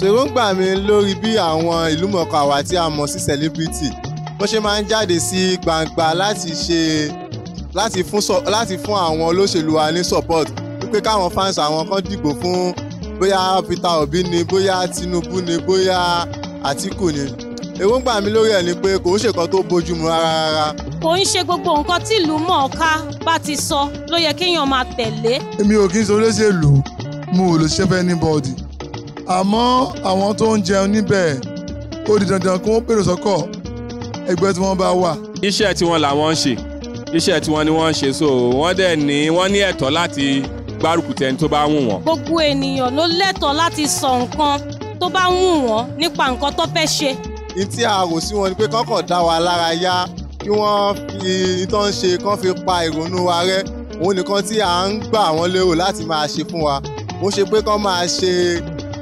ṣèròǹgbà mi lórí bí àwọn ìlúmọ̀ọ́ká wa tí a mọ̀ sí celebrity bó ṣe máa ń jáde sí gbangba láti ṣe láti fún láti fún àwọn olóṣèlú wa ní support wípé káwọn fans àwọn kan dìbò fún bóyá Peter Obi ni bóyá Tinubu ni bóyá Atiku ni èròǹgbà mi lórí ẹ̀ ni pé kò ń ṣe nǹkan tó bójúmu rárá rárá. kò ń ṣe gbogbo nǹkan tí ìlú mọ̀ọ́ká bá ti sọ ló yẹ kéèyàn máa tẹ̀lé. èmi ò kí ń sọ olóṣèlú mo ò lè ṣẹ́fẹ́ ní bọ́ọ̀dì àmọ́ àwọn tó ń jẹun níbẹ̀ ó di dandan kí wọ́n pèrò sọ́kọ̀ ẹgbẹ́ tí wọ́n bá wà. iṣẹ́ tiwọn làwọn ń ṣe iṣẹ́ tiwọn ni wọ́n ń ṣe so wọ́n dẹ̀ ní wọ́n ní ẹ̀tọ́ láti gbárùkù tẹni tó bá wù wọ́n. gbogbo ènìyàn ló lẹ́tọ̀ọ́ láti sọ nǹkan tó bá wù wọ́n nípa nǹkan tó fẹ́ ṣe. ní tí a rò sí wọn ni pé kọ́kọ̀ dá wa lára yá kí wọ́n fi ìtọ́ ń ṣe kán fi pa ìrònú wa rẹ́ òun nìkan tí à ń gbà wọ́n lérò láti máa ṣe fún wa mo ṣe pé kán máa ṣe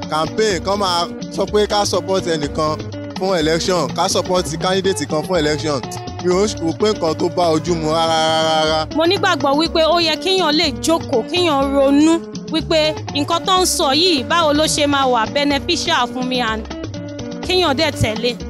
campaign kán máa sọ pé ká support ẹnìkan fún election ká support candidate kan fún election mi ò rò pé nǹkan tó bá ojú mu rárá rárá. mo nígbàgbọ́ wípé ó yẹ kéèyàn lè jókòó kéèyàn ronú wípé nǹkan tó ń sọ yìí báwo ló ṣe máa wà beneficial fún mi and kéèyàn dẹ̀ tẹ̀lé.